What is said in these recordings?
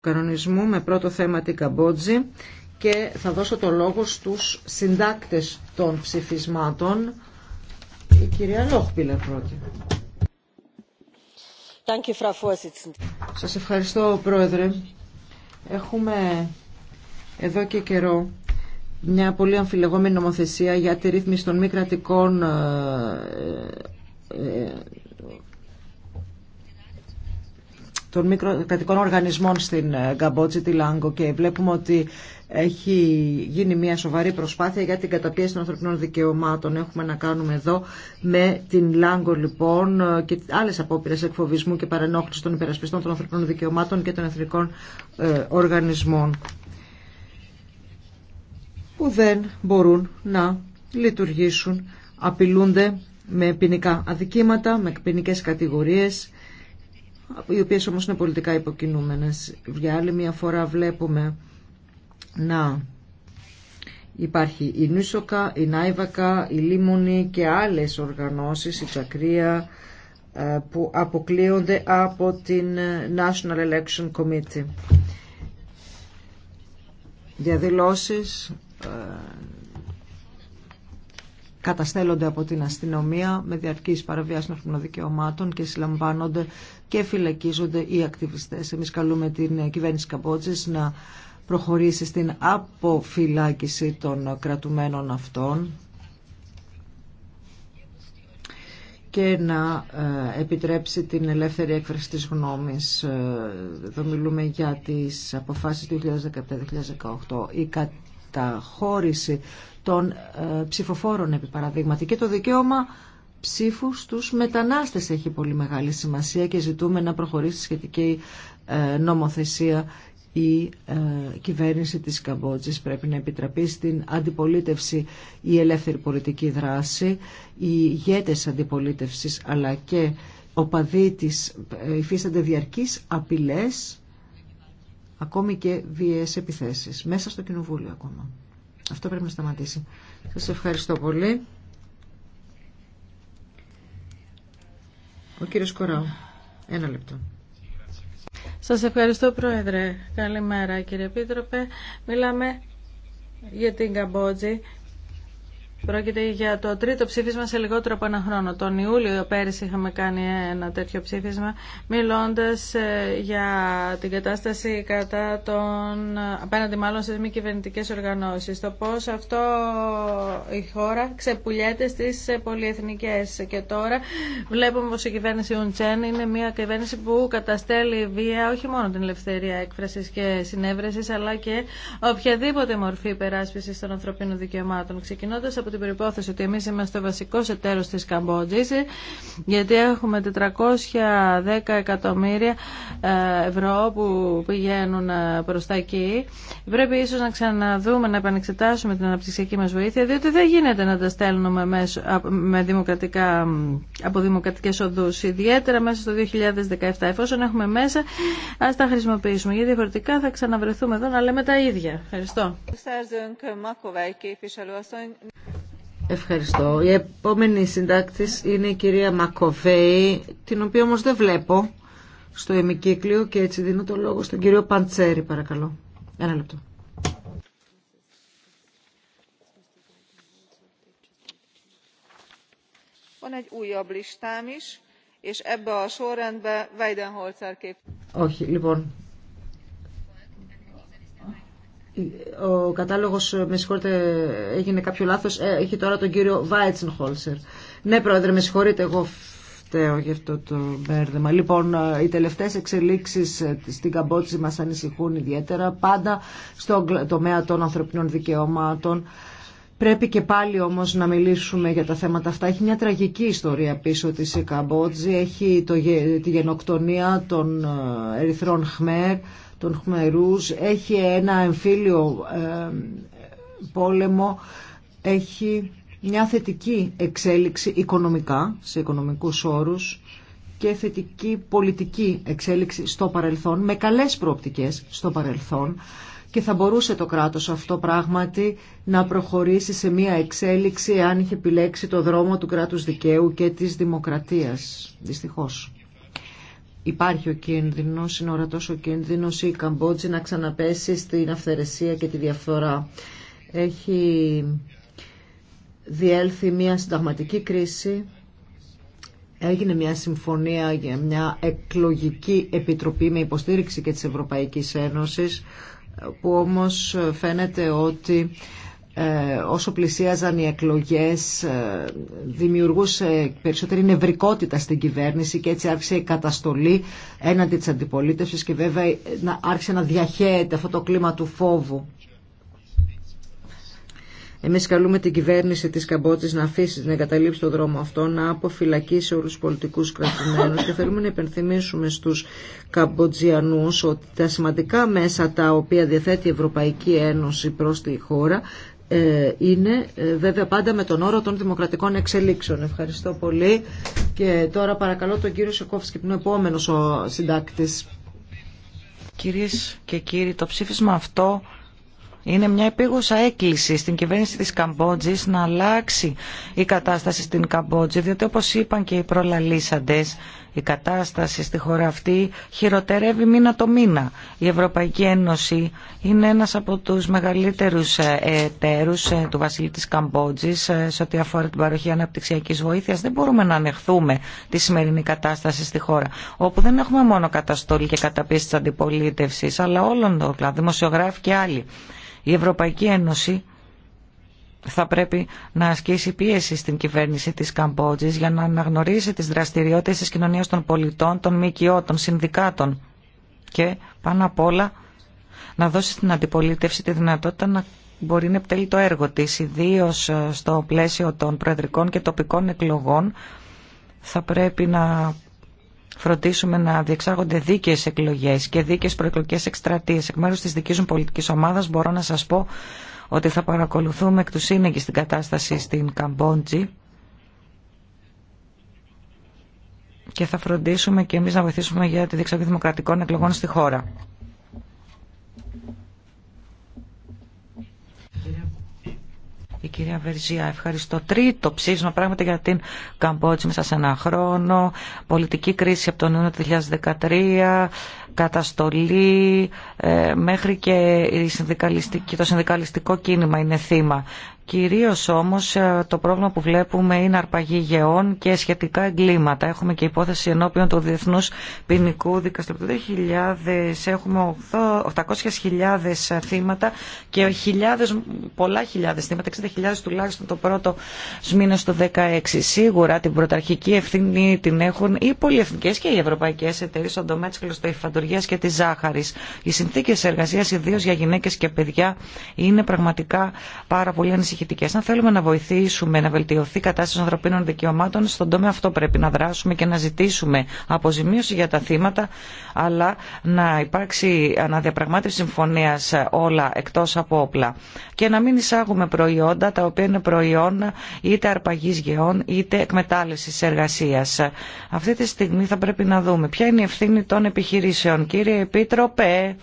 κανονισμού με πρώτο θέμα την Καμπότζη και θα δώσω το λόγο στους συντάκτες των ψηφισμάτων. Η κυρία Λόχπιλερ πρώτη. Σας ευχαριστώ Πρόεδρε. Έχουμε εδώ και καιρό μια πολύ αμφιλεγόμενη νομοθεσία για τη ρύθμιση των μη κρατικών ε, ε, των μικροκρατικών οργανισμών στην Γκαμπότζη, ε, τη Λάγκο και βλέπουμε ότι έχει γίνει μια σοβαρή προσπάθεια για την καταπίεση των ανθρωπινών δικαιωμάτων. Έχουμε να κάνουμε εδώ με την Λάγκο λοιπόν ε, και άλλε απόπειρε εκφοβισμού και παρενόχληση των υπερασπιστών των ανθρωπινών δικαιωμάτων και των εθνικών ε, οργανισμών που δεν μπορούν να λειτουργήσουν, απειλούνται με ποινικά αδικήματα, με ποινικέ κατηγορίες οι οποίες όμως είναι πολιτικά υποκινούμενες. Για άλλη μια φορά βλέπουμε να υπάρχει η Νούσοκα, η Νάιβακα, η Λίμονη και άλλες οργανώσεις, η Τσακρία, ε, που αποκλείονται από την ε, National Election Committee. Διαδηλώσεις, ε, καταστέλλονται από την αστυνομία με διαρκείς παραβιάση των και συλλαμβάνονται και φυλακίζονται οι ακτιβιστές. Εμείς καλούμε την κυβέρνηση Καμπότζης να προχωρήσει στην αποφυλάκηση των κρατουμένων αυτών και να ε, επιτρέψει την ελεύθερη έκφραση της γνώμης. Ε, εδώ μιλούμε για τις αποφάσεις του 2017-2018. Η τα χώριση των ε, ψηφοφόρων επί παραδείγματι και το δικαίωμα ψήφου στους μετανάστες έχει πολύ μεγάλη σημασία και ζητούμε να προχωρήσει σχετική ε, νομοθεσία η ε, κυβέρνηση της Καμπότζης πρέπει να επιτραπεί στην αντιπολίτευση η ελεύθερη πολιτική δράση, οι ηγέτες αντιπολίτευσης αλλά και οπαδοί της υφίστανται διαρκείς απειλές ακόμη και βίαιες επιθέσεις, μέσα στο Κοινοβούλιο ακόμα. Αυτό πρέπει να σταματήσει. Σας ευχαριστώ πολύ. Ο κύριος Κοράου, ένα λεπτό. Σας ευχαριστώ Πρόεδρε. Καλημέρα κύριε Επίτροπε. Μιλάμε για την Καμπότζη Πρόκειται για το τρίτο ψήφισμα σε λιγότερο από ένα χρόνο. Τον Ιούλιο πέρυσι είχαμε κάνει ένα τέτοιο ψήφισμα, μιλώντας ε, για την κατάσταση κατά τον απέναντι μάλλον στις μη κυβερνητικέ οργανώσεις. Το πώς αυτό η χώρα ξεπουλιέται στις πολυεθνικές. Και τώρα βλέπουμε πως η κυβέρνηση Ουντσέν είναι μια κυβέρνηση που καταστέλει βία όχι μόνο την ελευθερία έκφρασης και συνέβρεσης, αλλά και οποιαδήποτε μορφή υπεράσπισης των ανθρωπίνων δικαιωμάτων. Ξεκινώντας από την περιπόθεση ότι εμείς είμαστε ο βασικός εταίρος της Καμπότζης γιατί έχουμε 410 εκατομμύρια ε, ευρώ που πηγαίνουν ε, προς τα εκεί. Πρέπει ίσως να ξαναδούμε, να επανεξετάσουμε την αναπτυξιακή μας βοήθεια διότι δεν γίνεται να τα στέλνουμε μέσω, με δημοκρατικά, από δημοκρατικές οδούς ιδιαίτερα μέσα στο 2017 εφόσον έχουμε μέσα ας τα χρησιμοποιήσουμε γιατί διαφορετικά θα ξαναβρεθούμε εδώ να λέμε τα ίδια. Ευχαριστώ. Ευχαριστώ. Η επόμενη συντάκτη είναι η κυρία Μακοβέη, την οποία όμω δεν βλέπω στο ημικύκλιο και έτσι δίνω το λόγο στον κύριο Παντσέρη, παρακαλώ. Ένα λεπτό. Όχι, λοιπόν, ο κατάλογος, με συγχωρείτε, έγινε κάποιο λάθος, ε, έχει τώρα τον κύριο Βάιτσενχόλσερ. Ναι, πρόεδρε, με συγχωρείτε, εγώ φταίω γι' αυτό το μπέρδεμα. Λοιπόν, ε, οι τελευταίες εξελίξεις ε, στην Καμπότζη μας ανησυχούν ιδιαίτερα, πάντα στον τομέα των ανθρωπινών δικαιωμάτων. Πρέπει και πάλι όμως να μιλήσουμε για τα θέματα αυτά. Έχει μια τραγική ιστορία πίσω της η Καμπότζη. Έχει το, τη γενοκτονία των ερυθρών χμέρ των Χμερούς, έχει ένα εμφύλιο ε, πόλεμο, έχει μια θετική εξέλιξη οικονομικά, σε οικονομικούς όρους και θετική πολιτική εξέλιξη στο παρελθόν, με καλές προοπτικές στο παρελθόν και θα μπορούσε το κράτος αυτό πράγματι να προχωρήσει σε μια εξέλιξη αν είχε επιλέξει το δρόμο του κράτους δικαίου και της δημοκρατίας, δυστυχώς υπάρχει ο κίνδυνος, είναι ορατός ο κίνδυνος η Καμπότζη να ξαναπέσει στην αυθαιρεσία και τη διαφθορά. Έχει διέλθει μια συνταγματική κρίση, έγινε μια συμφωνία για μια εκλογική επιτροπή με υποστήριξη και της Ευρωπαϊκής Ένωσης, που όμως φαίνεται ότι ε, όσο πλησίαζαν οι εκλογές ε, δημιουργούσε περισσότερη νευρικότητα στην κυβέρνηση και έτσι άρχισε η καταστολή έναντι της αντιπολίτευσης και βέβαια ε, να άρχισε να διαχέεται αυτό το κλίμα του φόβου. Εμείς καλούμε την κυβέρνηση της Καμπότης να αφήσει να εγκαταλείψει τον δρόμο αυτό, να αποφυλακίσει όλους τους πολιτικούς κρατημένους και θέλουμε να υπενθυμίσουμε στους Καμποτζιανούς ότι τα σημαντικά μέσα τα οποία διαθέτει η Ευρωπαϊκή Ένωση προς τη χώρα ε, είναι ε, βέβαια πάντα με τον όρο των δημοκρατικών εξελίξεων. Ευχαριστώ πολύ. Και τώρα παρακαλώ τον κύριο Σεκόφσκι που είναι ο επόμενος ο συντάκτης. Κυρίες και κύριοι, το ψήφισμα αυτό είναι μια επίγουσα έκκληση στην κυβέρνηση της Καμπότζης να αλλάξει η κατάσταση στην Καμπότζη, διότι όπως είπαν και οι προλαλήσαντες, η κατάσταση στη χώρα αυτή χειροτερεύει μήνα το μήνα. Η Ευρωπαϊκή Ένωση είναι ένας από τους μεγαλύτερους ε, εταίρους ε, του βασιλείου της Καμπότζης ε, σε ό,τι αφορά την παροχή αναπτυξιακής βοήθειας. Δεν μπορούμε να ανεχθούμε τη σημερινή κατάσταση στη χώρα, όπου δεν έχουμε μόνο καταστολή και καταπίεση της αντιπολίτευσης, αλλά όλων των δημοσιογράφων και άλλοι. Η Ευρωπαϊκή Ένωση θα πρέπει να ασκήσει πίεση στην κυβέρνηση της Καμπότζης για να αναγνωρίσει τις δραστηριότητες της κοινωνίας των πολιτών, των ΜΚΟ, των συνδικάτων και πάνω απ' όλα να δώσει στην αντιπολίτευση τη δυνατότητα να μπορεί να επιτελεί το έργο της, Ιδίω ε, στο πλαίσιο των προεδρικών και τοπικών εκλογών θα πρέπει να φροντίσουμε να διεξάγονται δίκαιες εκλογές και δίκαιες προεκλογικέ εκστρατείες. Εκ μέρους τη δική μου πολιτική ομάδα μπορώ να σα πω ότι θα παρακολουθούμε εκ του σύνεγγυ στην κατάσταση στην Καμπόντζη και θα φροντίσουμε και εμείς να βοηθήσουμε για τη δίεξαγωγή δημοκρατικών εκλογών στη χώρα. Η κυρία Βερζία, ευχαριστώ. Τρίτο ψήφισμα πράγματα για την Καμπότζη μέσα σε ένα χρόνο. Πολιτική κρίση από τον Ιούνιο του 2013 καταστολή ε, μέχρι και το συνδικαλιστικό κίνημα είναι θύμα Κυρίως όμως ε, το πρόβλημα που βλέπουμε είναι αρπαγή γεών και σχετικά εγκλήματα. Έχουμε και υπόθεση ενώπιον του Διεθνούς Ποινικού Δικαστηρίου. έχουμε 800.000 θύματα και χιλιάδες, πολλά χιλιάδες θύματα, 60.000 τουλάχιστον το πρώτο μήνα του 2016. Σίγουρα την πρωταρχική ευθύνη την έχουν οι πολυεθνικές και οι ευρωπαϊκές εταιρείες στον τομέα της χλωστοϊφαντουργίας και της ζάχαρης. Οι συνθήκες εργασίας ιδίως για γυναίκες και παιδιά είναι πραγματικά πάρα πολύ ανησυχητικές ανησυχητικέ. Αν θέλουμε να βοηθήσουμε να βελτιωθεί η κατάσταση των ανθρωπίνων δικαιωμάτων, στον τομέα αυτό πρέπει να δράσουμε και να ζητήσουμε αποζημίωση για τα θύματα, αλλά να υπάρξει αναδιαπραγμάτευση συμφωνία όλα εκτό από όπλα. Και να μην εισάγουμε προϊόντα τα οποία είναι προϊόν είτε αρπαγή γεών είτε εκμετάλλευση εργασία. Αυτή τη στιγμή θα πρέπει να δούμε ποια είναι η ευθύνη των επιχειρήσεων. Κύριε Επίτροπε.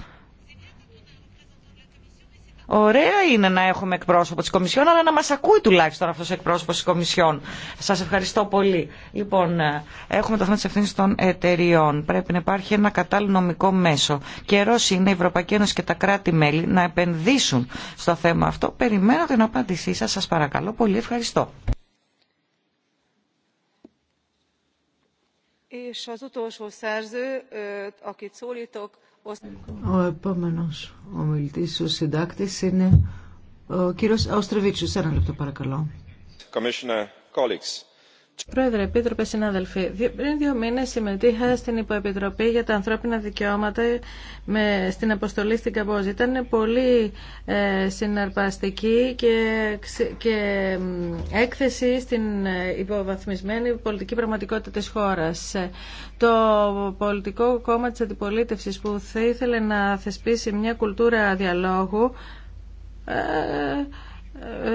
Ωραία είναι να έχουμε εκπρόσωπο τη Κομισιόν, αλλά να μα ακούει τουλάχιστον αυτό ο εκπρόσωπο τη Κομισιόν. Σα ευχαριστώ πολύ. Λοιπόν, ε, έχουμε το θέμα τη ευθύνη των εταιριών. Πρέπει να υπάρχει ένα κατάλληλο νομικό μέσο. Καιρό είναι η Ευρωπαϊκή Ένωση και τα κράτη-μέλη να επενδύσουν στο θέμα αυτό. Περιμένω την απάντησή σα. Σα παρακαλώ πολύ. Ευχαριστώ. Ο επόμενος ομιλητής, ο συντάκτης είναι ο κύριος Αουστρεβίτσιος. Ένα λεπτό παρακαλώ. Commissioner colleagues. Πρόεδρε, Επίτροπε, συνάδελφοι, πριν δύο μήνε συμμετείχα στην Υποεπιτροπή για τα Ανθρώπινα Δικαιώματα με, στην αποστολή στην Καμπόζη. Ήταν πολύ ε, συναρπαστική και, και έκθεση στην ε, υποβαθμισμένη πολιτική πραγματικότητα της χώρας. Το πολιτικό κόμμα της αντιπολίτευσης που θα ήθελε να θεσπίσει μια κουλτούρα διαλόγου ε,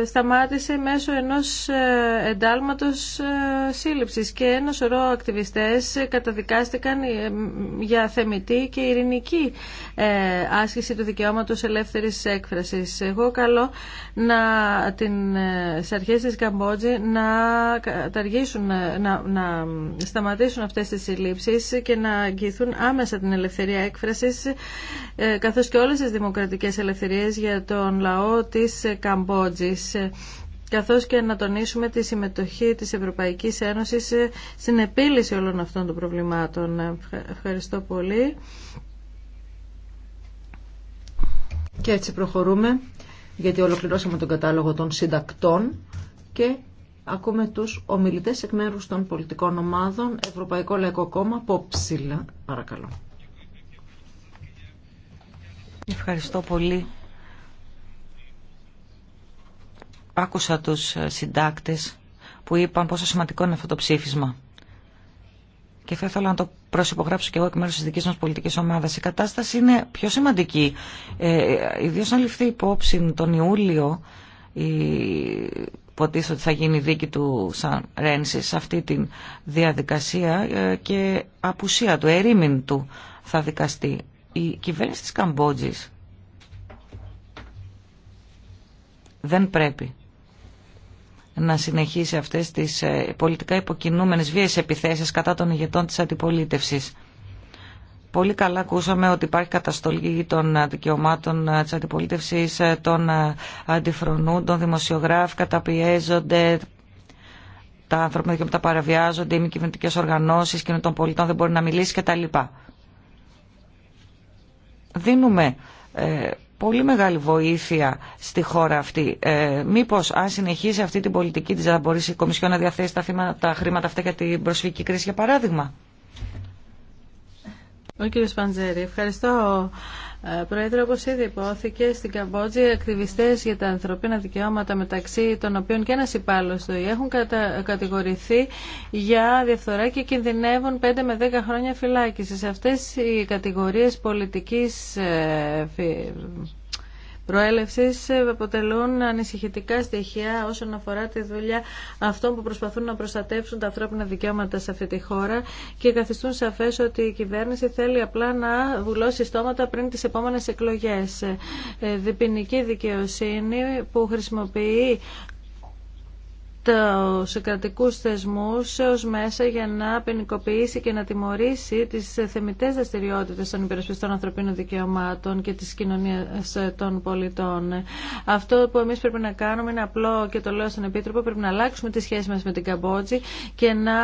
σταμάτησε μέσω ενός ε, εντάλματος ε, σύλληψης και ένα σωρό ακτιβιστές καταδικάστηκαν ε, για θεμητή και ειρηνική άσκηση του δικαιώματος ελεύθερης έκφρασης. Εγώ καλώ να την, σε αρχές της Καμπότζη να, καταργήσουν, να, να σταματήσουν αυτές τις συλλήψεις και να αγγιθούν άμεσα την ελευθερία έκφρασης καθώς και όλες τις δημοκρατικές ελευθερίες για τον λαό της Καμπότζη. Καθώ ε, καθώς και να τονίσουμε τη συμμετοχή της Ευρωπαϊκής Ένωσης ε, στην επίλυση όλων αυτών των προβλημάτων. Ε, ευχαριστώ πολύ. Και έτσι προχωρούμε, γιατί ολοκληρώσαμε τον κατάλογο των συντακτών και ακούμε τους ομιλητές εκ μέρους των πολιτικών ομάδων Ευρωπαϊκό Λαϊκό Κόμμα, Πόψιλα, παρακαλώ. Ευχαριστώ πολύ Άκουσα τους ε, συντάκτες που είπαν πόσο σημαντικό είναι αυτό το ψήφισμα. Και θα ήθελα να το προσυπογράψω και εγώ εκ μέρους της δικής μας πολιτικής ομάδας. Η κατάσταση είναι πιο σημαντική. Ε, ε Ιδίω αν ληφθεί υπόψη τον Ιούλιο, η... ότι θα γίνει η δίκη του Σαν Ρένση σε αυτή τη διαδικασία ε, και απουσία του, ερήμην του θα δικαστεί. Η κυβέρνηση της Καμπότζης δεν πρέπει να συνεχίσει αυτές τις ε, πολιτικά υποκινούμενες βίες επιθέσεις κατά των ηγετών της αντιπολίτευσης. Πολύ καλά ακούσαμε ότι υπάρχει καταστολή των δικαιωμάτων της αντιπολίτευσης, ε, των ε, αντιφρονούν των δημοσιογράφων, καταπιέζονται, τα ανθρώπινα δικαιώματα παραβιάζονται, οι μη κυβερνητικέ οργανώσει και των πολιτών δεν μπορεί να μιλήσει κτλ. Δίνουμε πολύ μεγάλη βοήθεια στη χώρα αυτή. Ε, μήπως αν συνεχίσει αυτή την πολιτική τη θα μπορέσει η Κομισιό να διαθέσει τα, τα χρήματα αυτά για την προσφυγική κρίση για παράδειγμα. Ο κύριος Παντζέρη, ευχαριστώ ε, Πρόεδρε, όπω ήδη υπόθηκε, στην Καμπότζη ακτιβιστέ για τα ανθρωπίνα δικαιώματα μεταξύ των οποίων και ένας υπάλληλο του έχουν κατηγορηθεί για διαφθορά και κινδυνεύουν 5 με 10 χρόνια φυλάκισης. Αυτές οι κατηγορίες πολιτικής ε, προέλευση αποτελούν ανησυχητικά στοιχεία όσον αφορά τη δουλειά αυτών που προσπαθούν να προστατεύσουν τα ανθρώπινα δικαιώματα σε αυτή τη χώρα και καθιστούν σαφέ ότι η κυβέρνηση θέλει απλά να βουλώσει στόματα πριν τις επόμενες εκλογές. Ε, διπινική δικαιοσύνη που χρησιμοποιεί του κρατικούς θεσμούς ως μέσα για να ποινικοποιήσει και να τιμωρήσει τις θεμητές δραστηριότητε των υπερασπιστών ανθρωπίνων δικαιωμάτων και της κοινωνίας ε, των πολιτών. Αυτό που εμείς πρέπει να κάνουμε είναι απλό και το λέω στον Επίτροπο, πρέπει να αλλάξουμε τη σχέση μας με την Καμπότζη και να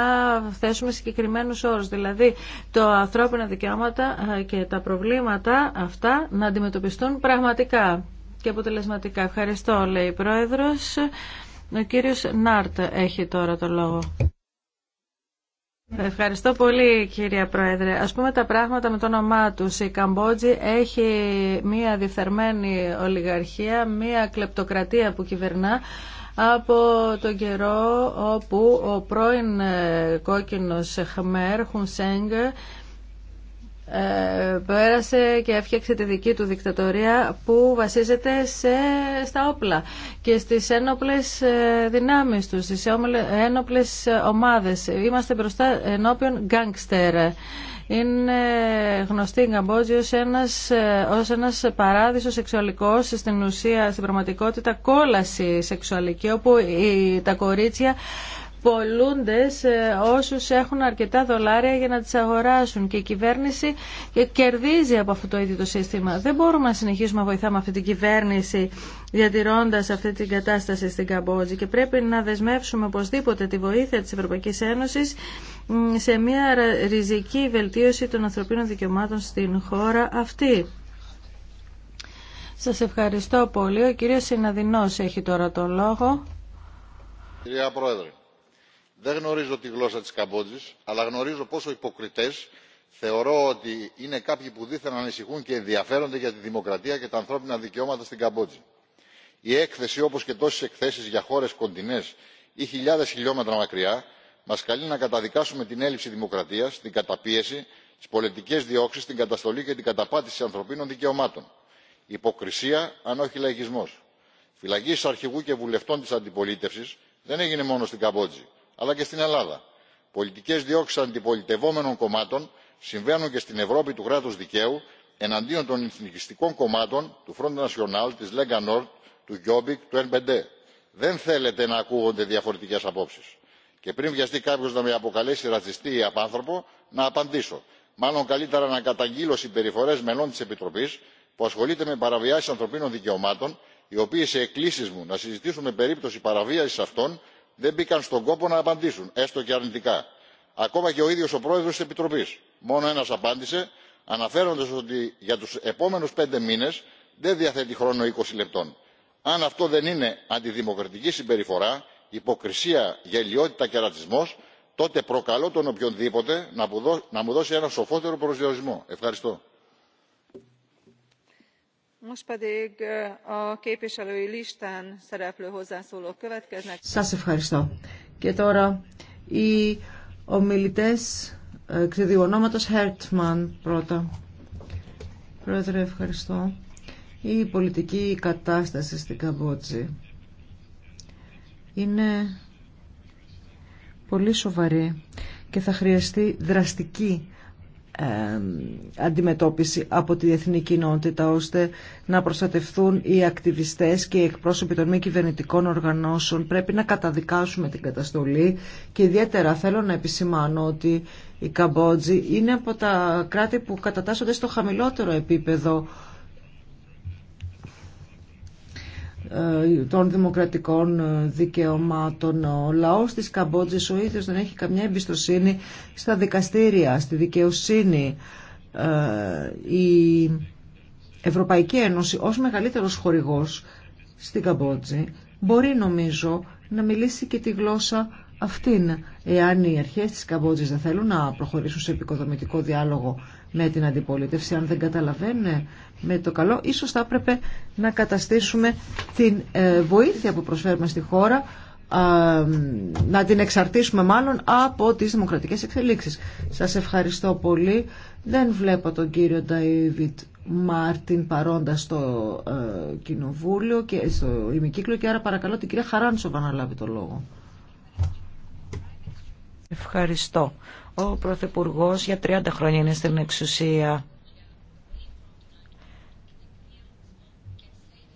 θέσουμε συγκεκριμένους όρους. Δηλαδή, το ανθρώπινα δικαιώματα ε, και τα προβλήματα αυτά να αντιμετωπιστούν πραγματικά και αποτελεσματικά. Ευχαριστώ, λέει η Πρόεδρος. Ο κύριος Νάρτ έχει τώρα το λόγο. Ευχαριστώ πολύ κυρία Πρόεδρε. Ας πούμε τα πράγματα με το όνομά του. Η Καμπότζη έχει μία διεφθαρμένη ολιγαρχία, μία κλεπτοκρατία που κυβερνά από τον καιρό όπου ο πρώην ε, κόκκινος Χμέρ Χουνσέγκ ε, πέρασε και έφτιαξε τη δική του δικτατορία που βασίζεται σε, στα όπλα και στις ένοπλες ε, δυνάμεις τους, στις ένοπλες ομάδες. Είμαστε μπροστά ενώπιον γκάνγκστερ. Είναι γνωστή η Καμπότζη ως ένας, ε, ως ένας παράδεισος σεξουαλικός στην ουσία, στην πραγματικότητα κόλαση σεξουαλική όπου τα κορίτσια πολλούντες ε, όσους έχουν αρκετά δολάρια για να τις αγοράσουν και η κυβέρνηση κερδίζει από αυτό το ίδιο το σύστημα. Δεν μπορούμε να συνεχίσουμε να βοηθάμε αυτή την κυβέρνηση διατηρώντας αυτή την κατάσταση στην Καμπότζη και πρέπει να δεσμεύσουμε οπωσδήποτε τη βοήθεια της Ευρωπαϊκής Ένωσης σε μια ριζική βελτίωση των ανθρωπίνων δικαιωμάτων στην χώρα αυτή. Σας ευχαριστώ πολύ. Ο κύριος Συναδεινός έχει τώρα το λόγο. Κυρία Πρόεδρε, δεν γνωρίζω τη γλώσσα της καμπότζης αλλά γνωρίζω πόσο υποκριτές θεωρώ ότι είναι κάποιοι που δήθεν ανησυχούν και ενδιαφέρονται για τη δημοκρατία και τα ανθρώπινα δικαιώματα στην καμπότζη. η έκθεση όπως και τόσες εκθέσεις για χώρες κοντινές ή χιλιάδες χιλιόμετρα μακριά μας καλεί να καταδικάσουμε την έλλειψη δημοκρατίας την καταπίεση τις πολιτικές διώξεις την καταστολή και την καταπάτηση ανθρωπίνων δικαιωμάτων. υποκρισία αν όχι λαϊκισμός. φυλακή αρχηγού και βουλευτών της αντιπολίτευσης δεν έγινε μόνο στην καμπότζη αλλά και στην ελλάδα. πολιτικές διώξεις αντιπολιτευόμενων κομμάτων συμβαίνουν και στην ευρώπη του κράτους δικαίου εναντίον των εθνικιστικών κομμάτων του front national της lega nord του jobbik του npd. δεν θέλετε να ακούγονται διαφορετικές απόψεις. και πριν βιαστεί κάποιος να με αποκαλέσει ρατσιστή ή απάνθρωπο να απαντήσω μάλλον καλύτερα να καταγγείλω συμπεριφορές μελών της επιτροπής που ασχολείται με παραβιάσεις ανθρωπίνων δικαιωμάτων οι οποίοι σε εκκλήσεις μου να συζητήσουμε περίπτωση παραβίασης αυτών δεν μπήκαν στον κόπο να απαντήσουν έστω και αρνητικά. ακόμα και ο ίδιος ο πρόεδρος της επιτροπής μόνο ένας απάντησε αναφέροντας ότι για τους επόμενους πέντε μήνες δεν διαθέτει χρόνο είκοσι λεπτών. αν αυτό δεν είναι αντιδημοκρατική συμπεριφορά υποκρισία γελιότητα και ρατσισμός τότε προκαλώ τον οποιονδήποτε να μου δώσει ένα σοφότερο προσδιορισμό. ευχαριστώ. Σας ευχαριστώ. Και τώρα οι ομιλητές εξαιδίου ονόματος πρώτα. Πρόεδρε, ευχαριστώ. Η πολιτική κατάσταση στην Καμπότζη είναι πολύ σοβαρή και θα χρειαστεί δραστική ε, αντιμετώπιση από τη διεθνή κοινότητα ώστε να προστατευτούν οι ακτιβιστές και οι εκπρόσωποι των μη κυβερνητικών οργανώσεων. Πρέπει να καταδικάσουμε την καταστολή και ιδιαίτερα θέλω να επισημάνω ότι η Καμπότζη είναι από τα κράτη που κατατάσσονται στο χαμηλότερο επίπεδο Ε, των δημοκρατικών ε, δικαιωμάτων. Ο λαός της Καμπότζης ο ίδιος δεν έχει καμιά εμπιστοσύνη στα δικαστήρια, στη δικαιοσύνη. Ε, η Ευρωπαϊκή Ένωση ως μεγαλύτερος χορηγός στην Καμπότζη μπορεί νομίζω να μιλήσει και τη γλώσσα αυτήν. Εάν οι αρχές της Καμπότζης δεν θέλουν να προχωρήσουν σε επικοδομητικό διάλογο με την αντιπολίτευση. Αν δεν καταλαβαίνουν με το καλό, ίσως θα έπρεπε να καταστήσουμε την ε, βοήθεια που προσφέρουμε στη χώρα να την εξαρτήσουμε μάλλον από τις δημοκρατικές εξελίξεις. Σας ευχαριστώ πολύ. Δεν βλέπω τον κύριο Νταϊβιτ Μάρτιν παρόντα στο ε, κοινοβούλιο και στο ημικύκλιο και άρα παρακαλώ την κυρία Χαράνσοβα να λάβει το λόγο. Ευχαριστώ. Ο Πρωθυπουργό για 30 χρόνια είναι στην εξουσία.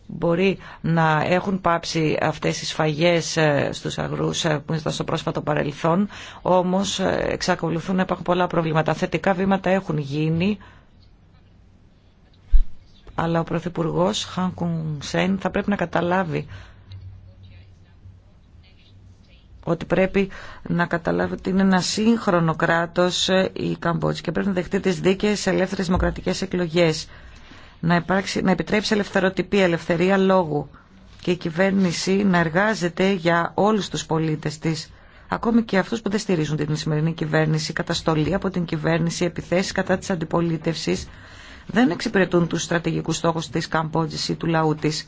Μπορεί να έχουν πάψει αυτές οι σφαγές ε, στους αγρούς ε, που ήταν στο πρόσφατο παρελθόν, όμως ε, εξακολουθούν να υπάρχουν πολλά προβλήματα. Θετικά βήματα έχουν γίνει, αλλά ο Πρωθυπουργός Χαν Κουνσέν θα πρέπει να καταλάβει ότι πρέπει να καταλάβει ότι είναι ένα σύγχρονο κράτος ε, η Καμπότζη και πρέπει να δεχτεί τις δίκαιες ελεύθερες δημοκρατικές εκλογές. Να, υπάρξει, να επιτρέψει ελευθεροτυπία, ελευθερία λόγου και η κυβέρνηση να εργάζεται για όλους τους πολίτες της. Ακόμη και αυτούς που δεν στηρίζουν την σημερινή κυβέρνηση, καταστολή από την κυβέρνηση, επιθέσεις κατά της αντιπολίτευσης, δεν εξυπηρετούν τους στρατηγικούς στόχους της Καμπότζης ή του λαού της.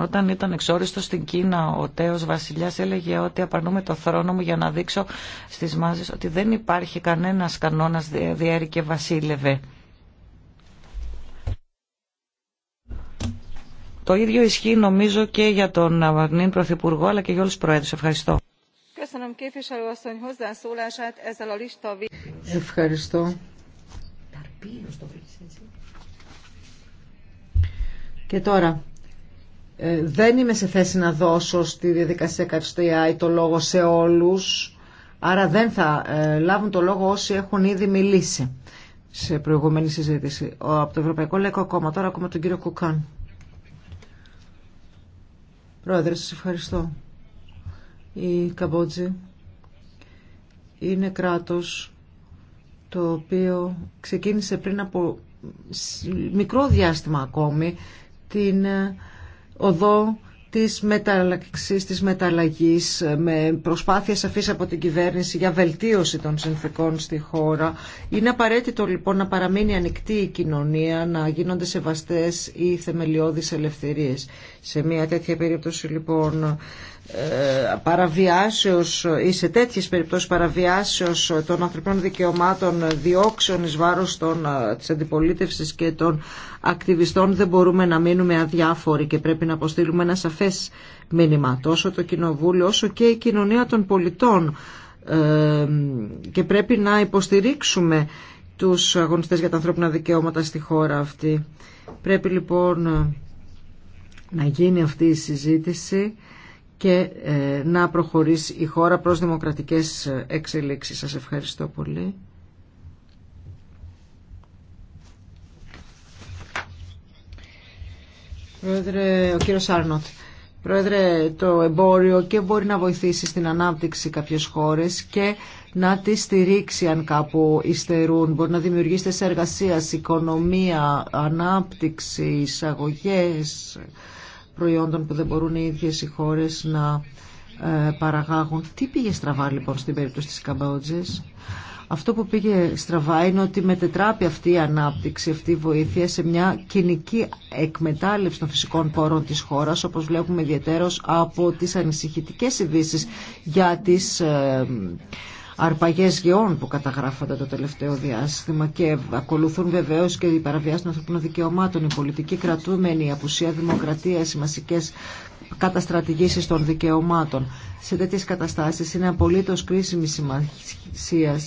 Όταν ήταν εξόριστο στην Κίνα ο τέο βασιλιάς έλεγε ότι απαρνούμε το θρόνο μου για να δείξω στις μάζες ότι δεν υπάρχει κανένας κανόνας διέρη και βασίλευε. Το ίδιο ισχύει νομίζω και για τον Νίν Πρωθυπουργό αλλά και για όλους τους Προέδρους. Ευχαριστώ. Ευχαριστώ. Και τώρα ε, δεν είμαι σε θέση να δώσω στη διαδικασία καυστεία το λόγο σε όλους, άρα δεν θα ε, λάβουν το λόγο όσοι έχουν ήδη μιλήσει σε προηγούμενη συζήτηση. Ο, από το Ευρωπαϊκό Λέκο Κόμμα, τώρα ακόμα τον κύριο Κουκάν. Πρόεδρε, σας ευχαριστώ. Η Καμπότζη είναι κράτος το οποίο ξεκίνησε πριν από μικρό διάστημα ακόμη την ε, οδό της μεταλλαξής, της μεταλλαγής με προσπάθειες αφής από την κυβέρνηση για βελτίωση των συνθήκων στη χώρα. Είναι απαραίτητο λοιπόν να παραμείνει ανοιχτή η κοινωνία, να γίνονται σεβαστές οι θεμελιώδεις ελευθερίες. Σε μια τέτοια περίπτωση λοιπόν ε, παραβιάσεως ή σε τέτοιες περιπτώσεις παραβιάσεως των ανθρωπίνων δικαιωμάτων διώξεων εις βάρος των, ε, της αντιπολίτευσης και των ακτιβιστών δεν μπορούμε να μείνουμε αδιάφοροι και πρέπει να αποστείλουμε ένα σαφές μήνυμα τόσο το Κοινοβούλιο όσο και η κοινωνία των πολιτών ε, και πρέπει να υποστηρίξουμε τους αγωνιστές για τα ανθρώπινα δικαιώματα στη χώρα αυτή. Πρέπει λοιπόν να γίνει αυτή η συζήτηση και ε, να προχωρήσει η χώρα προς δημοκρατικές ε, εξελίξεις. Σας ευχαριστώ πολύ. Πρόεδρε, ο κύριος Άρνοτ. Πρόεδρε, το εμπόριο και μπορεί να βοηθήσει στην ανάπτυξη κάποιες χώρες και να τη στηρίξει αν κάπου υστερούν. Μπορεί να δημιουργήσει θέσεις εργασίας, οικονομία, ανάπτυξη, εισαγωγές, προϊόντων που δεν μπορούν οι ίδιες οι χώρες να ε, παραγάγουν. Τι πήγε στραβά λοιπόν στην περίπτωση της Καμπαότζης. Αυτό που πήγε στραβά είναι ότι μετετράπει αυτή η ανάπτυξη, αυτή η βοήθεια σε μια κοινική εκμετάλλευση των φυσικών πόρων της χώρας, όπως βλέπουμε ιδιαίτερος από τις ανησυχητικές ειδήσει για τις ε, αρπαγές γεών που καταγράφονται το τελευταίο διάστημα και ακολουθούν βεβαίως και οι παραβιάσεις των ανθρωπίνων δικαιωμάτων, οι πολιτικοί κρατούμενη, η απουσία δημοκρατίας, οι μασικές καταστρατηγήσεις των δικαιωμάτων. Σε τέτοιες καταστάσεις είναι απολύτως κρίσιμη σημασία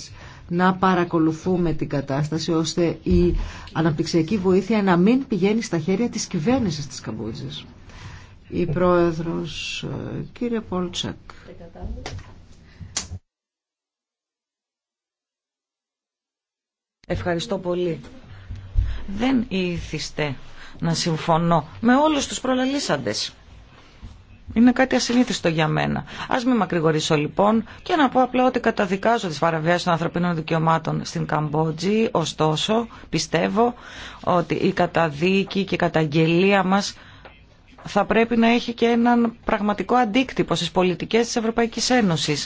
να παρακολουθούμε την κατάσταση ώστε η αναπτυξιακή βοήθεια να μην πηγαίνει στα χέρια της κυβέρνησης της Καμπούτζης. Η Πρόεδρος, ε, κύριε Πολτσακ. Ευχαριστώ πολύ. Δεν ήθιστε να συμφωνώ με όλους τους προλαλήσαντες. Είναι κάτι ασυνήθιστο για μένα. Α μην μακρηγορήσω λοιπόν και να πω απλά ότι καταδικάζω τι παραβιάσει των ανθρωπίνων δικαιωμάτων στην Καμπότζη. Ωστόσο, πιστεύω ότι η καταδίκη και η καταγγελία μα θα πρέπει να έχει και έναν πραγματικό αντίκτυπο στι πολιτικέ τη Ευρωπαϊκή Ένωση.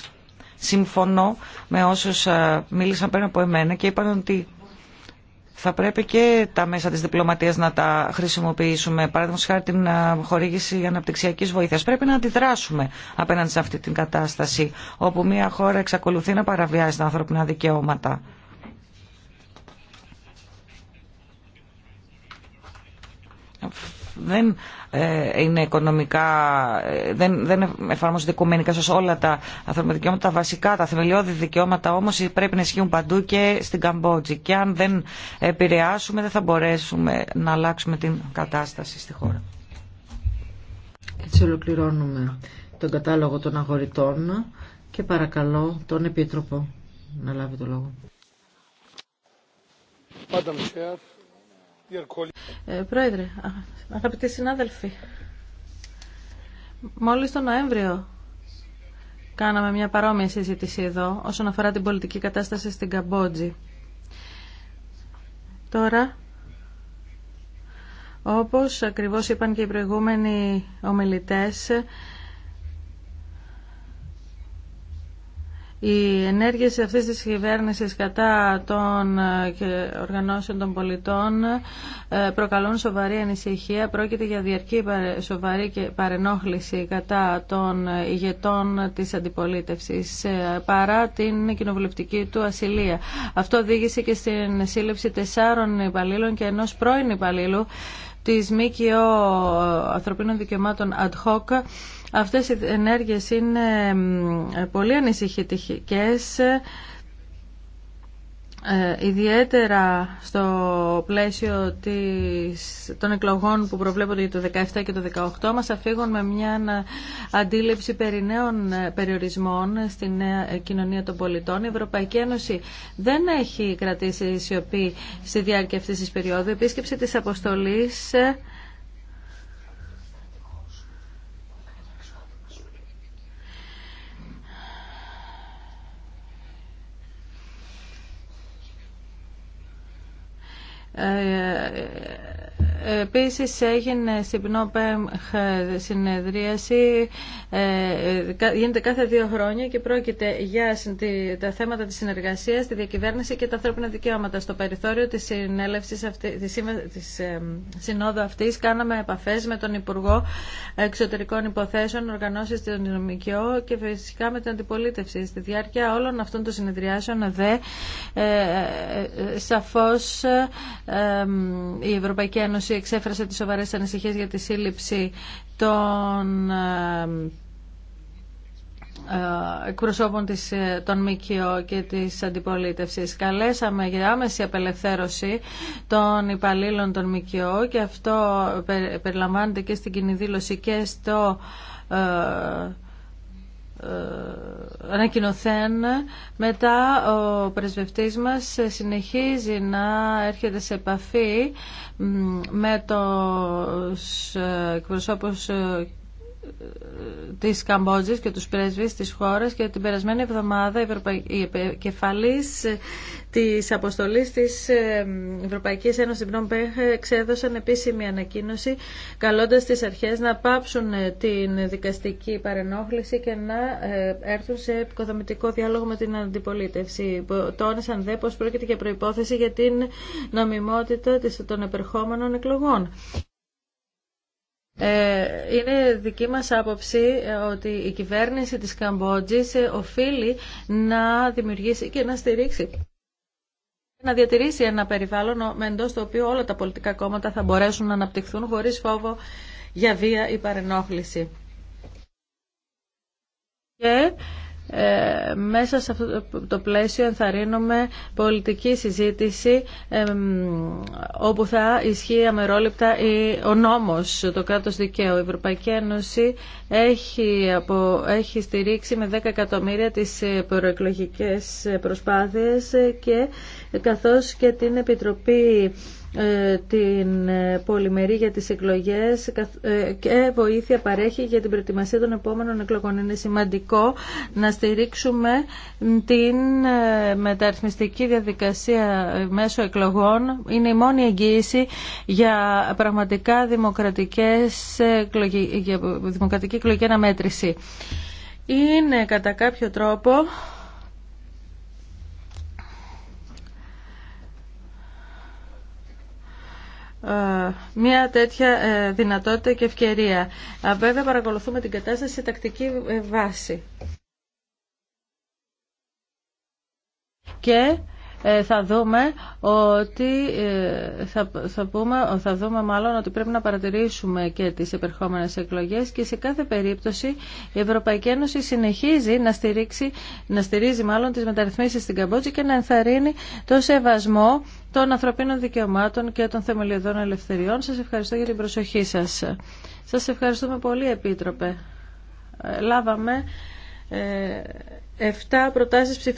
Συμφωνώ με όσου ε, μίλησαν πριν από εμένα και είπαν ότι θα πρέπει και τα μέσα της διπλωματίας να τα χρησιμοποιήσουμε. Παράδειγμα χάρη την χορήγηση αναπτυξιακής βοήθειας. Πρέπει να αντιδράσουμε απέναντι σε αυτή την κατάσταση όπου μια χώρα εξακολουθεί να παραβιάζει τα ανθρώπινα δικαιώματα. δεν ε, είναι οικονομικά, ε, δεν, δεν εφαρμόζονται οικουμενικά σε όλα τα ανθρώπινα δικαιώματα, βασικά, τα θεμελιώδη δικαιώματα όμως πρέπει να ισχύουν παντού και στην Καμπότζη. Και αν δεν επηρεάσουμε δεν θα μπορέσουμε να αλλάξουμε την κατάσταση στη χώρα. Έτσι ολοκληρώνουμε τον κατάλογο των αγοριτών και παρακαλώ τον Επίτροπο να λάβει το λόγο. Ε, πρόεδρε, αγαπητοί συνάδελφοι, μόλις τον Νοέμβριο κάναμε μια παρόμοια συζήτηση εδώ όσον αφορά την πολιτική κατάσταση στην Καμπότζη. Τώρα, όπως ακριβώς είπαν και οι προηγούμενοι ομιλητές, οι ενέργειες αυτής της κυβέρνησης κατά των ε, οργανώσεων των πολιτών ε, προκαλούν σοβαρή ανησυχία. Πρόκειται για διαρκή σοβαρή και παρενόχληση κατά των ηγετών της αντιπολίτευσης ε, παρά την κοινοβουλευτική του ασυλία. Αυτό οδήγησε και στην σύλληψη τεσσάρων υπαλλήλων και ενός πρώην υπαλλήλου της ΜΚΟ Ανθρωπίνων Δικαιωμάτων Ad Hoc Αυτές οι ενέργειες είναι πολύ ανησυχητικές ε, ιδιαίτερα στο πλαίσιο της, των εκλογών που προβλέπονται για το 2017 και το 2018 μας αφήγουν με μια ε, αντίληψη περί νέων ε, περιορισμών στην νέα κοινωνία των πολιτών. Η Ευρωπαϊκή Ένωση δεν έχει κρατήσει σιωπή στη διάρκεια αυτής της περίοδου. Επίσκεψη της αποστολής εε Επίση, έγινε στην ΠΝΟΠΕΜΧ συνεδρίαση, ε, γίνεται κάθε δύο χρόνια και πρόκειται για τα θέματα της συνεργασίας, τη διακυβέρνηση και τα ανθρώπινα δικαιώματα. Στο περιθώριο της, συνέλευσης αυτή, της, ε, συνόδου αυτής κάναμε επαφές με τον Υπουργό Εξωτερικών Υποθέσεων, οργανώσεις των Νομικιώ και φυσικά με την αντιπολίτευση. Στη διάρκεια όλων αυτών των συνεδριάσεων δε ε, σαφώς η Ευρωπαϊκή Ένωση εξέφρασε τις σοβαρές ανησυχίες για τη σύλληψη των ε, ε, εκπροσώπων ε, των ΜΚΟ και της αντιπολίτευσης. Καλέσαμε για άμεση απελευθέρωση των υπαλλήλων των ΜΚΟ και αυτό περιλαμβάνεται και στην κοινή δήλωση και στο ε, ανακοινωθέν μετά ο πρεσβευτής μας συνεχίζει να έρχεται σε επαφή με το ε, εκπροσώπους ε, της Καμπότζης και τους πρέσβεις της χώρας και την περασμένη εβδομάδα η κεφαλής της αποστολής της ε, Ευρωπαϊκής Ένωσης στην Πνομπέχ εξέδωσαν επίσημη ανακοίνωση καλώντας τις αρχές να πάψουν ε, την δικαστική παρενόχληση και να ε, έρθουν σε επικοδομητικό διάλογο με την αντιπολίτευση. Τόνισαν δε πως πρόκειται για προϋπόθεση για την νομιμότητα των επερχόμενων εκλογών. Ε, είναι δική μας άποψη ε, ότι η κυβέρνηση της Καμπότζης ε, οφείλει να δημιουργήσει και να στηρίξει να διατηρήσει ένα περιβάλλον εντός το οποίο όλα τα πολιτικά κόμματα θα μπορέσουν να αναπτυχθούν χωρίς φόβο για βία ή παρενόχληση. Ε, μέσα σε αυτό το πλαίσιο ενθαρρύνουμε πολιτική συζήτηση όπου θα ισχύει αμερόληπτα η, ο νόμος, το κράτος δικαίου. Η Ευρωπαϊκή Ένωση έχει, από, έχει στηρίξει με 10 εκατομμύρια τις ε, προεκλογικές ε, προσπάθειες και καθώς και την Επιτροπή ε, την ε, πολυμερή για τις εκλογές ε, και βοήθεια παρέχει για την προετοιμασία των επόμενων εκλογών. Είναι σημαντικό να στηρίξουμε την μεταρρυθμιστική διαδικασία μέσω εκλογών. Είναι η μόνη εγγύηση για πραγματικά δημοκρατικές, για δημοκρατική εκλογική αναμέτρηση. Είναι κατά κάποιο τρόπο Ε, μια τέτοια ε, δυνατότητα και ευκαιρία. Βέβαια παρακολουθούμε την κατάσταση σε τακτική ε, βάση. Και ε, θα δούμε ότι ε, θα, θα, πούμε, θα δούμε μάλλον ότι πρέπει να παρατηρήσουμε και τις επερχόμενες εκλογές και σε κάθε περίπτωση η Ευρωπαϊκή Ένωση συνεχίζει να, στηρίξει, να στηρίζει μάλλον τις μεταρρυθμίσεις στην Καμπότζη και να ενθαρρύνει το σεβασμό των ανθρωπίνων δικαιωμάτων και των θεμελιωδών ελευθεριών. Σας ευχαριστώ για την προσοχή σας. Σας ευχαριστούμε πολύ, Επίτροπε. Ε, λάβαμε 7 προτάσεις